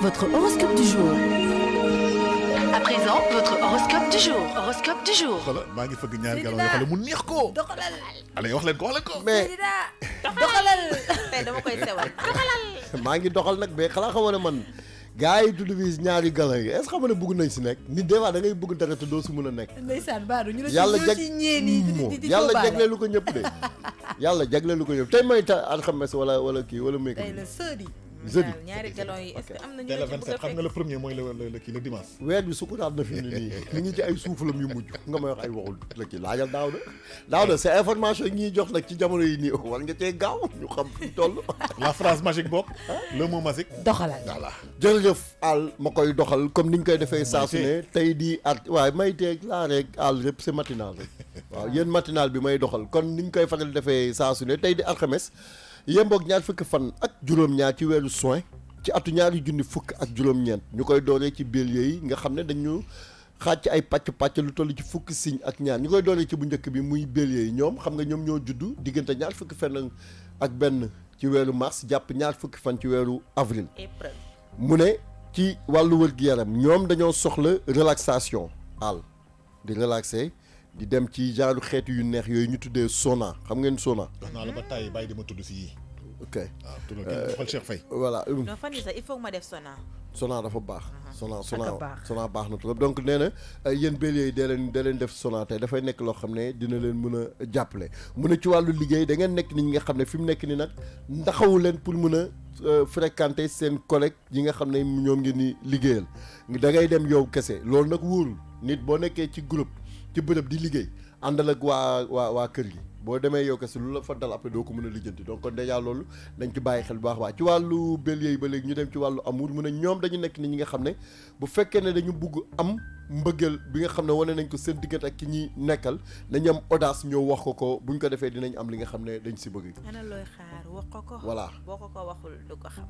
votre horoscope du jour. À présent, votre horoscope du jour. Horoscope du jour. xoolal maa ngi fëgg ñaari galaw yoo xam ne mu neex ko. doxalal. allez wax leen ko wax leen ko. mais doxalal. tey dama koy sewal doxalal. maa ngi doxal nag mais xanaa xamoon ne man. gars yi tudd bi ñaari galaw yi est-ce que xam nga ne bëgg nañ si nekk nit des fois da ngay bëgg dara te doo si mën a nekk. ndeysaan Badou ñu ne si ñeenti di yàlla jagleelu ko ñëpp de. yàlla jagleelu ko ñëpp tey may ta alxames wala wala kii wala muy. tey la sëdi. jeudi ñaari galon yi est na la 27 xam nga le premier mooy le kii le dimanche. weer bi sukkandaat na fi mu ne nii ñu ngi ci ay suufalam yu mujj nga may wax ay waxul la kii laajal daaw de daaw de sa information yi ñuy jox nag ci jamono yi nii war nga cee gaaw ñu xam fi toll. la phrase magique bokk le mot magique. doxalal voilà jërëjëf àll ma koy doxal comme ni ñu koy defee saa ne tey di at waaye may teeg laa rek àll yëpp si matinal waaw yéen matinal bi may doxal kon ni ñu koy faral defee saa tey di alxames yemboog ñaar fukki fan ak juróom-ñaar ci weeru juin ci atu ñaari junni fukk ak juróom-ñeent ñu koy dooree ci bélier yi nga xam ne dañu xaaj ci ay pàcc-pàcc lu toll ci fukki signe ak ñaar ñu koy dooree ci bu njëkk bi muy bélier yi ñoom xam nga ñoom ñoo juddu diggante ñaar fukki fan ak benn ci weeru mars jàpp ñaar fukki fan ci weeru avril mu ne ci wàllu wër-gi-yaram ñoom dañoo soxla relaxation àll di relaxer di dem ci genre xeet yu neex yooyu ñu tuddee sona xam ngeen sona. wax naa la ma tudd fii. ok waaw tudd kenn xool Cheikh Faye. voilà. non fan yii sax il faut sona. sona dafa baax. Mhm. sona sona sona baax na trop donc nee na euh, yéen bélier yi dee leen dee leen def sona tey dafay nekk loo xam ne dina leen mën a jàppale mu ne ci wàllu liggéey da ngeen nekk nit ñi nga xam ne fi mu nekk nii nag ndaxawu leen pour mën a. Euh, fréquenté seen collègue yi nga xam ne ñoom ngeen ni liggéeyal da ngay dem yow kese loolu nag wóorul nit boo nekkee ci groupe ci bërëb di liggéey àndal ak waa waa waa kër gi boo demee yow kese lu la fa dal après doo ko mën a lijjanti donc kon dèjà loolu dañ ci bàyyi xel bu baax baax ci wàllu bélier yi ba léegi ñu dem ci wàllu amour mu ne ñoom dañu nekk ni ñi nga xam ne bu fekkee ne dañu bugg am mbëggeel bi nga xam ne wane nañ ko seen diggante ak ki ñuy nekkal dañu am audace ñëw wax ko ko buñ ko defee dinañ am li nga xam ne dañ si bëgg. ana looy xaar wax ko ko. voilà boo ko ko waxul du ko xam.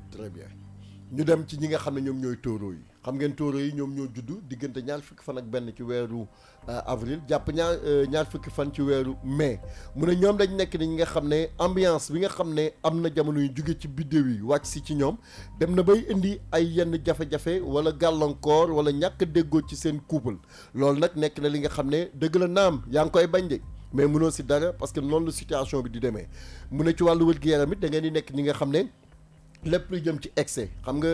ñu dem ci ñi nga xam ne ñoom ñooy tóoroo yi xam ngeen tóoroo yi ñoom ñoo juddu diggante ñaar fukki fan ak benn ci weeru euh, avril jàpp ñaar euh, ñaar fukki fan ci weeru mai mu ne ñoom dañ nekk ni ñi nga xam ne ambiance bi nga xam ne am na jamono yu jóge ci biddéew yi wàcc si ci ñoom dem na bay indi ay yenn jafe-jafe wala gàllankoor wala ñàkk déggoo ci seen couple loolu nag nekk na li nga xam ne dëgg la naam yaa ngi koy bañ de mais mënoo si dara parce que noonu la situation bi di demee mu ne ci wàllu wér gu da ngeen di nekk ñi nga xam ne lépp lu jëm ci excès xam nga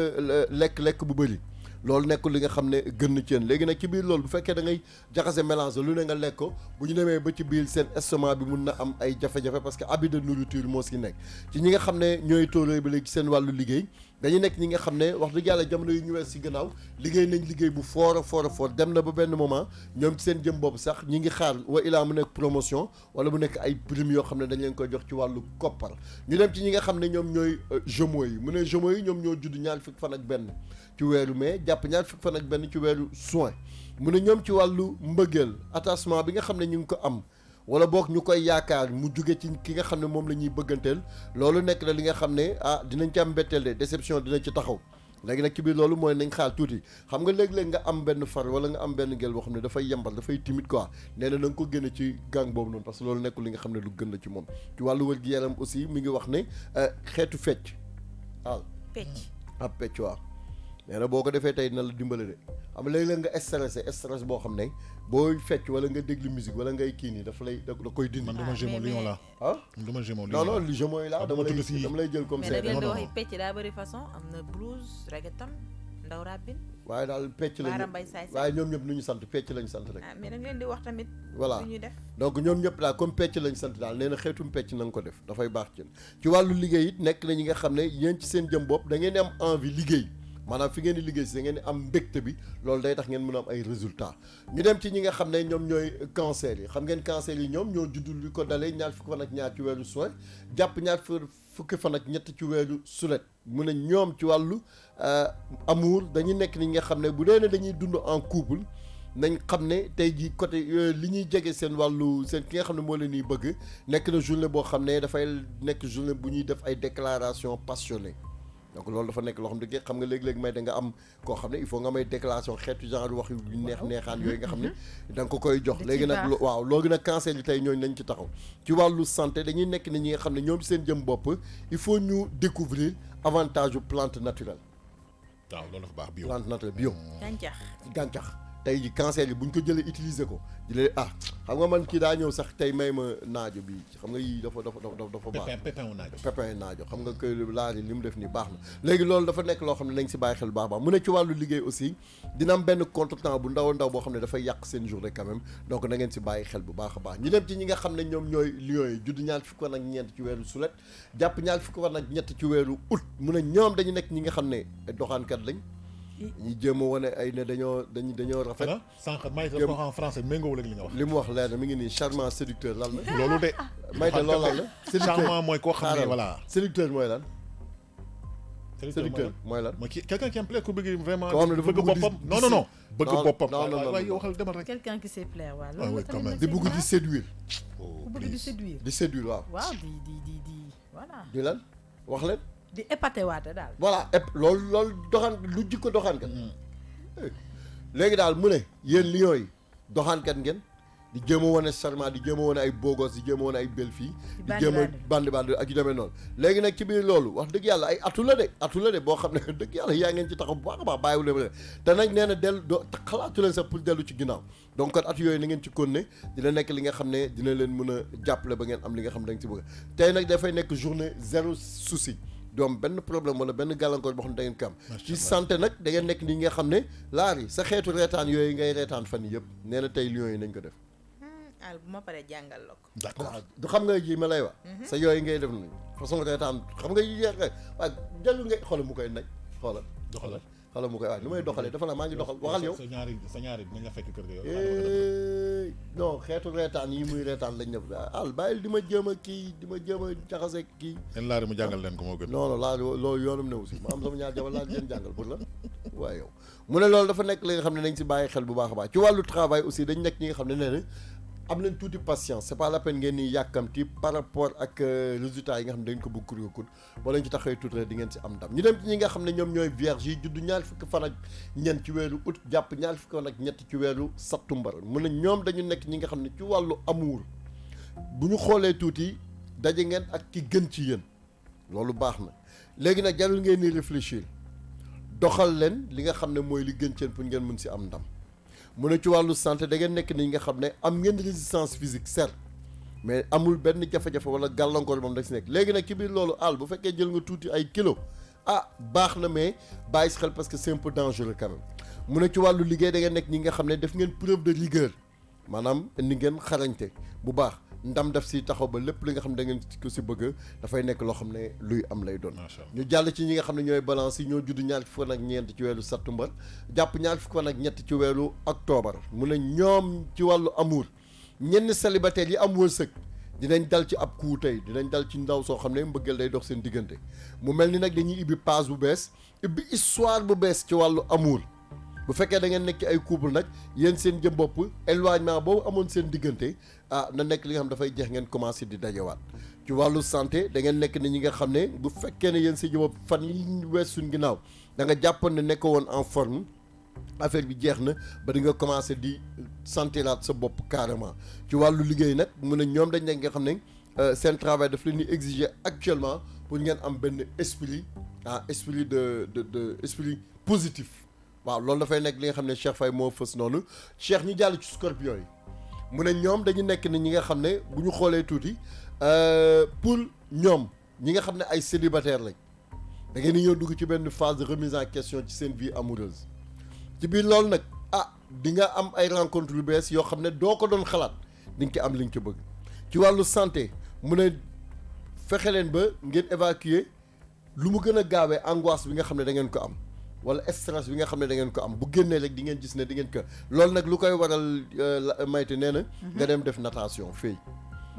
lekk-lekk bu bëri loolu nekkul li nga xam ne gën na léegi nag ci biir loolu bu fekkee da ngay jaxase mélange lu ne nga lekk ko bu ñu demee ba ci biir seen estomac bi mun na am ay jafe-jafe parce que habit de nourriture moo si nekk ci ñi nga xam ne ñooy tóoree ba léegi seen wàllu liggéey dañu nekk ñi nga xam ne wax dëgg jamono yu ñu wees si gannaaw liggéey nañ liggéey bu foor a foor dem na ba benn moment ñoom ci seen jëm bopp sax ñi ngi xaar wa ilaa mu nekk promotion wala mu nekk ay prime yoo xam ne dañ koy jox ci wàllu koppar ñu dem ci ñi nga xam ne ñoom ñooy euh, jumeaux yi mu ne jumeaux yi ñoom ñoo judd ñaar fukk fan ak benn ci weeru mai jàpp ñaar fukk fa nag benn ci weeru juin mu ne ñoom ci wàllu mbëggeel attachement bi nga xam ne ñu ngi ko am wala boog ñu koy yaakaar mu jóge ci ki nga xam ne moom la ñuy bëgganteel loolu nekk na li nga xam ne ah dinañ ci am mbetteel de déception dinañ ci taxaw léegi nag ci biir loolu mooy nañ xaar tuuti xam nga léeg-léeg nga am benn far wala nga am benn gel boo xam ne dafay yembal dafay timide quoi nee na na nga ko génne ci gang boobu noonu parce que loolu nekkul li nga xam ne lu gën ngi wax ne eh, xeetu fecc waaw. Ah, nee na boo ko defee tey dina la dimbale de xam nga léeg-léeg nga stressé stress boo xam ne booy fecc wala nga déglu musique wala ngay kii nii daf lay da koy dindi. man dama gémeau ah, lion laa. Ah? ah dama gémeau lion laa non non gémeau yi laa dama lay dama lay jël comme ça. mais da wax pecc daa bëri façon am na blues reggaeton ndaw rabin. waaye daal pecc lañu waaye ñoom ñëpp nu ñu sant pecc lañu sant rek. Ah, mais da nga leen di wax tamit. donc ñoom ñëpp daal comme pecc lañu sant daal nee na xeetum pecc na ko def dafay baax ci ci wàllu liggéey it nekk na ñi nga xam ne yéen ci seen jëm bopp da ngeen am envie liggéey maanaam fi ngeen di liggéey si da ngeen di am mbégte bi loolu day tax ngeen mën a am ay résultat ñu dem ci ñi nga xam ne ñoom ñooy cancer yi xam ngeen cancer yi ñoom ñoo juddul li ko dalee ñaar fukki fan ak ñaar ci weeru sulet jàpp ñaar fukki fan ak ñett ci weeru sulet mu ne ñoom ci wàllu euh, amur dañu nekk ni nga xam ne bu dee ne dañuy dund en couple nañ xam ne tey jii côté euh, li ñuy jege seen wàllu seen ki nga xam ne moo leen ñuy bëgg nekk na journée boo xam ne dafay nekk journée bu ñuy def ay déclaration passionnée donc loolu dafa nekk loo xam ne xam nga léegi-léegi may da nga am koo xam ne il faut nga may déclaration xeetu genre wax yu neex neexaan yooyu nga xam ne mhm. da koy jox léegi nag waaw loolu nag cancer yi tey ñooñu nañ ci taxaw ci wàllu santé dañuy nekk ni ñi nga xam ne ñoom seen jëm bopp il faut ñu découvrir avantage yu plante naturelle waaw loolu dafa baax bio plante naturelle bio gàncax gàncax tey ji cancer yi bu ñu ko jëlee utiliser ko jëlee ah xam nga man kii daa ñëw sax tey may ma naajo bi xam nga yii dafa dafa dafa dafa baax pépin naajo xam nga koy laari li mu def nii baax na léegi loolu dafa nekk loo xam ne nañ si bàyyi xel baax baax mu ne ci liggéey aussi dina am benn contretemps bu ndaw ndaw boo xam ne dafa yàq seen jour quand même donc na ngeen si bàyyi xel bu baax a baax ñu dem ci ñi nga xam ne ñoom ñooy lions yi judd ñaar fukk ak ñeent ci weeru sulet jàpp ñaar fukk ak ñett ci weeru août mu ne ñoom dañu nekk ñi nga xam ne doxaankat lañ ñu jéem a wane ay ne dañoo dañ dañoo rafet. sànq Maïté dafa wax en français méngoowul ak li nga wax. li mu wax leer na mi ngi nii charmant séducteur lan la. loolu de. Maïté loolu lan la. séducteur mooy koo xam ne voilà. séducteur mooy lan. séducteur mooy lan mooy ki quelqu'un qui aime plaire ku bëgg vraiment. koo xam ne dafa bëgg boppam non non non. bëgg boppam non non non waaye yow ah di bëgg di séduire. ku bëgg di séduire waaw. waaw di di di di di lan wax leen. di épaté waate daal. voilà ép loolu loolu doxaan lu jikko doxaankat. Mm. Eh, léegi daal mu ne yéen lion yi doxaankat ngeen di jéem a wane serment di jéem a wane ay bogos di jéem a wane ay belfi di jéem a bandi bandi ak yu demee noonu. léegi nag ci biir loolu wax dëgg yàlla ay atu la de atu la de boo xam ne dëgg yàlla yaa ngeen ci taxaw bu baax a baax bàyyiwul leen te nag nee na dellu doo xalaatu sa sax pour dellu ci ginnaaw donc at yooyu na ngeen ci konne dina nekk li nga xam ne dina leen mën a jàppale ba li nga xam ne da ci bëgg tey nag dafay nekk journée zéro souci. doom benn problème wala benn gàllankoor boo xam ne da ngeen ko am ci santé nag da ngeen nekk ni nga xam ne laar yi sa xeetu reetaan yooyu ngay reetaan fan yëpp nee na tey yi nañ ko def hmm, al bu ma jàngal la ko d'accord ah, du xam nga ji ma lay wax mhm. sa yooyu ngay def nañ façon reetaan xam nga yi yeex waaw jël nga xoola mu koy naj xoola xala mu koy waaj lu may doxalee dafa naa maa ngi doxal waxal yow. sa ñaari sa ñaari eh, xeetu reetaan yi muy reetaan lañ def al bàyyil di ma jéem a kii di ma jéem a jaxase kii. leen laari mu jàngal leen ko moo gën. non laa laari loolu yoonam ne aussi ma am sama ñaar jabar laari leen jàngal pour la waaye yow mu ne loolu dafa nekk li xam ne nañ si bàyyi xel bu baax baax ci wàllu travail aussi dañ nekk ñi nga xam ne nee am nañ tuuti patience c'est pas la peine ngeen ni yàkkamti par rapport ak euh, résultat yi nga xam ne dañ ko bëgg kuréel kuréel wala ñu ci taxawee tuuti rek di ngeen si am ndam ñu dem ci nga xam ne ñoom ñooy vierge yi juddu ñaar fukki fan ak ñeent ci weeru août jàpp ñaar fukki fan ak ñett ci weeru sattumbar mu ne ñoom dañu nekk ñi nga xam ne ci wàllu amour bu ñu xoolee tuuti daje ngeen ak ki gën ci yéen loolu baax na léegi nag jarul ngeen ni réfléchir doxal leen li nga xam ne mooy li pour ngeen mën si am ndam. mu ne ci wàllu santé da ngeen nekk ni nga xam ne am ngeen résistance physique ser mais amul benn jafe-jafe wala gàllankoor moom da si nekk léegi nag ci biir loolu àll bu fekkee jël nga tuuti ay kilo ah baax na mais bàyyi si xel parce que c'est un peu dangereux quand mu ne ci wàllu liggéey da ngeen nekk ñi nga xam ne def ngeen preuve de rigueur maanaam indi ngeen xarañte bu baax ndam def si taxaw ba lépp li nga xam ne da ngeen ko si bëgg dafay nekk loo xam ne luy am lay doon ñu jàll ci ñi nga xam ne ñooy balance ñoo judd ñaar fukk fan ak ñeent ci weeru sattumbar jàpp ñaar fukk fan ak ñett ci weeru octobre mu ne ñoom ci wàllu amour ñenn célibataire yi am wërsëg dinañ dal ci ab kuu tey dinañ dal ci ndaw soo xam ne mbëggeel day dox seen diggante mu mel ni nag dañuy ibbi page bu bees ibbi histoire bu bees ci wàllu amour bu fekkee dangeen nekk ci ay couple nag yéen seen jëm bopp éloignement boobu amoon seen diggante ah na nekk li nga xam dafay jeex ngeen commencé di dajewaat ci wàllu santé da nekk ni ñi nga xam ne bu fekkee ne yéen seen jëm bopp fan yi wees suñ ginnaaw da nga jàppoon ne nekk woon en forme affaire bi jeex na ba di nga commencé di santiraat sa bopp carrément ci wàllu liggéey nag mu a ñoom dañ nekk nga xam ne euh, seen travail daf leen di exiger actuellement pour ngeen am benn esprit ah esprit de de de esprit positif waaw loolu dafay nekk li nga xam ne Cheikh Faye moo fës noonu Cheikh ñu jàll ci scorpion yi mu ne ñoom dañu nekk ni ñi nga xam ne bu ñu xoolee tuuti euh, pour ñoom ñi nga xam ne ay célibataire lañ da ngeen di ñëw dugg ci benn phase de remise en question ci seen vie amoureuse ci biir loolu nag ah di nga am ay rencontre yu bees yoo xam ne doo ko doon xalaat di nga ci am li nga ci bëgg ci wàllu santé mu ne fexe leen ba ngeen évacuer lu mu gën a gaawee angoisse bi nga xam ne da ngeen ko am. wala stress bi nga xam ne da ngeen ko am bu génnee rek di ngeen gis ne di ngeen ko lool nag lu koy waral euh, mayte nee na. Mhm. nga dem def natation fay.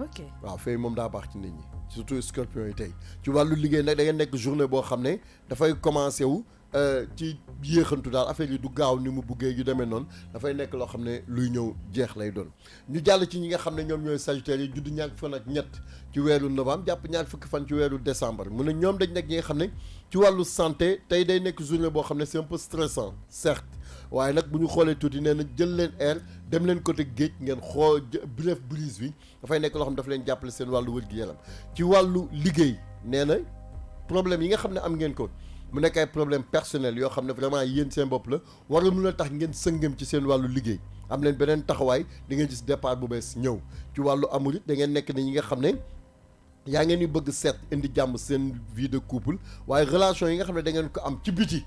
ok waaw fay moom daa baax ci nit ñi surtout scorpion yi tey ci wàllu liggéey nag da nekk journée boo xam ne dafay commencé wu. Euh, ci yéexantu daal affaire yi du gaaw ni mu buggee yu demee noonu dafay nekk loo xam ne luy ñëw jeex lay doon ñu jàll ci ñi nga xam ne ñoom ñooy sagittaire yi juddi ñaar fan ak ñett ci weeru novembre jàpp ñaar fukki fan ci weeru décembre mu ne ñoom dañ nekk ñi nga xam ne ci wàllu santé tey day nekk journée boo xam ne c'est un peu stressant certes waaye nag bu ñu xoolee tuuti nee na jël leen air dem leen côté géej ngeen xoo bref brise bi dafay nekk loo xam ne leen jàppale seen wàllu wër ci wàllu liggéey nee na problème yi nga xam ne am ngeen ko mu nekk ay problème personnel yoo xam ne vraiment yéen seen bopp la warul mun a tax ngeen sëngam ci seen wàllu liggéey am leen beneen taxawaay di ngeen gis départ bu bees ñëw ci wàllu amul it da ngeen nekk ni ñi nga xam ne yaa ngeen ñu bëgg set indi jàmm seen vie de couple waaye relation yi nga xam ne dangeen ko am ci biti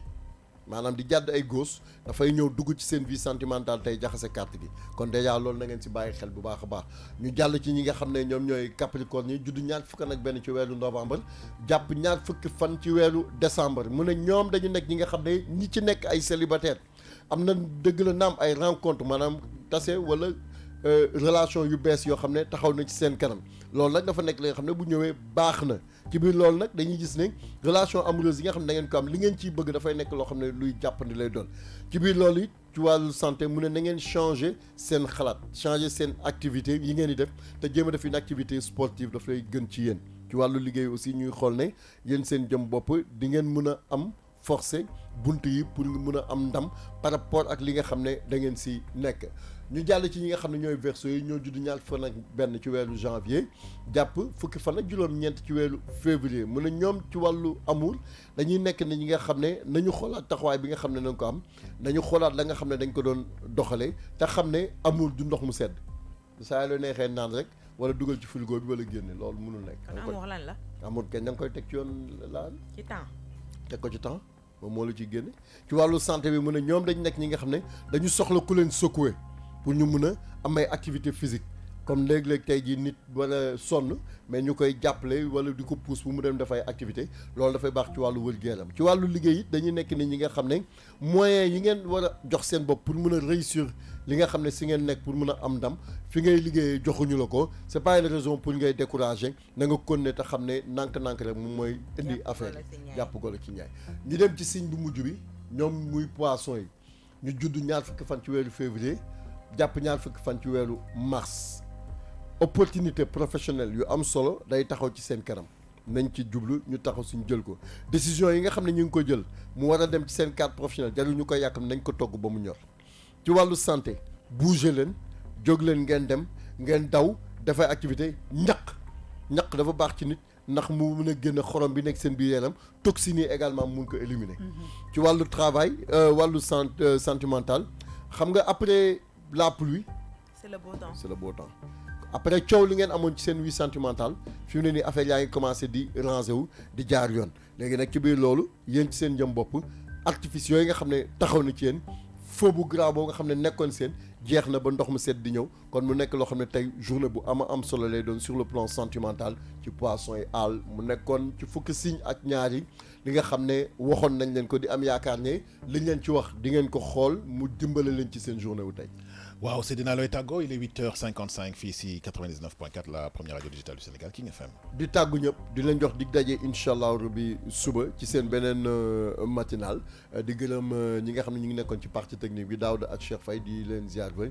maanaam di jàdd ay góos dafay ñëw dugg ci seen vie sentimentale tey jaxase kart gi kon dèjà loolu na ngeen si bàyyi xel bu baax a baax ñu jàll ci ñi nga xam ne ñoom ñooy capricorne yi judd ñaar fukk nag benn ci weeru novembre jàpp ñaar fukki fan ci weeru décembre mu ne ñoom dañu nekk ñi nga xam ne ñi ci nekk ay célibataire am na dëgg la naam ay rencontre maanaam tase wala euh, relation yu bees yoo xam ne taxaw na ci seen kanam loolu nag dafa nekk li xam ne bu ñëwee baax na ci biir loolu nag dañuy gis ne relation amoureuse yi nga xam ne da ngeen ko am li ngeen ciy bëgg dafay nekk loo xam ne luy jàppandi lay doon ci biir loolu it ci wàllu santé mu ne na ngeen changer seen xalaat changer seen activité yi ngeen di def te jéem a def une activité sportive dafay gën ci yéen ci wàllu liggéey aussi ñuy xool ne yéen seen jëm bopp di ngeen mën a am forcé bunt yi pour nga mën a am ndam par rapport ak li nga xam ne da ngeen si nekk ñu jàll ci ñi nga xam ne ñooy verseau yi ñoo judd ñaar fan ak benn ci weeru janvier jàpp fukki fan ak juróom-ñeent ci weeru février mu ne ñoom ci wàllu amour dañuy nekk ne ñi nga xam ne nañu xoolaat taxawaay bi nga xam ne nañ ko am nañu xoolaat la xam ne dañ ko doon doxalee te xam ne amour du ndox mu sedd saa yoo neexee naan rek wala dugal ci frigo wala génne loolu mënul nekk. kon amour lan la amour kenn da nga koy teg ci yoon laal. ci temps teg ko ci temps moom moo la ciy génne ci wàllu santé bi mu ne ñoom dañ nekk ñi nga xam ne dañu soxla ku leen secouer pour ñu mun a amay activité physique comme léeg-léeg tey jii nit wala sonn mais ñu koy jàppale wala di ko pousse bu mu dem dafay activité loolu dafay baax ci wàllu wër gu ci wàllu liggéey it dañuy nekk ni ñi nga xam ne moyens yi ngeen war a jox seen bopp pour mun a réussir li nga xam ne si ngeen nekk pour mun a am ndam fi ngay liggéeyee joxuñu la ko c'est pas une raison pour ngay décourager na nga continuer te xam ne nànk-nànk rek moom mooy indi affaire jàpp golo ci ñaay ñu dem ci signe bu mujj bi ñoom muy poisson yi ñu judd ñaar fukki fan ci weeru février jàpp ñaar fukk fan ci weeru mars opportunité professionnelle yu am solo day taxaw ci seen kanam nañ ci jublu ñu taxaw si ñu jël ko décision yi nga xam ne ñu ngi ko jël mu war a dem ci seen cadre professionnel jarul ñu ko yàkkam nañ ko togg ba mu ñor ci wàllu santé bouger leen jóg leen ngeen dem ngeen daw dafay activité ñaq ñaq dafa baax ci nit ndax mu mun a génn xorom bi nekk seen biir yaram toxines yi également mun ko éliminer. Mm-hmm. ci wàllu travail euh, wàllu sent euh, sentimental la pluie. c' est le beau temps c' après coow li ngeen amoon ci seen vie sentimentale fi mu ne nii affaire yaa ngi commencé di rangé wu di jaar yoon léegi nag ci biir loolu yéen ci seen jëm bopp artifice yooyu nga xam ne taxaw na ci yéen foobu gras boobu nga xam ne nekkoon seen. jeex na ba ndox mu set di ñëw kon mu nekk loo xam ne tey journée bu ama am solo lay doon sur le plan sentimentale ci poisson yi àll mu nekkoon ci fukki signe ak ñaar yi li nga xam ne waxoon nañ leen ko di am yaakaar ne liñ leen ci wax di ngeen ko xool mu dimbale leen ci seen journée wu tey waaw Seydina looy tàggoo il est 8h55 fii si 99.4 la première radio digitale du Sénégal King FM. di tàggu ñëpp di leen jox dig daje incha allah rubi suba ci seen beneen euh, matinal di gërëm euh, ñi nga xam ne ñu ngi nekkoon ci partie technique bi Daouda ak Cheikh Faye di leen ziar ba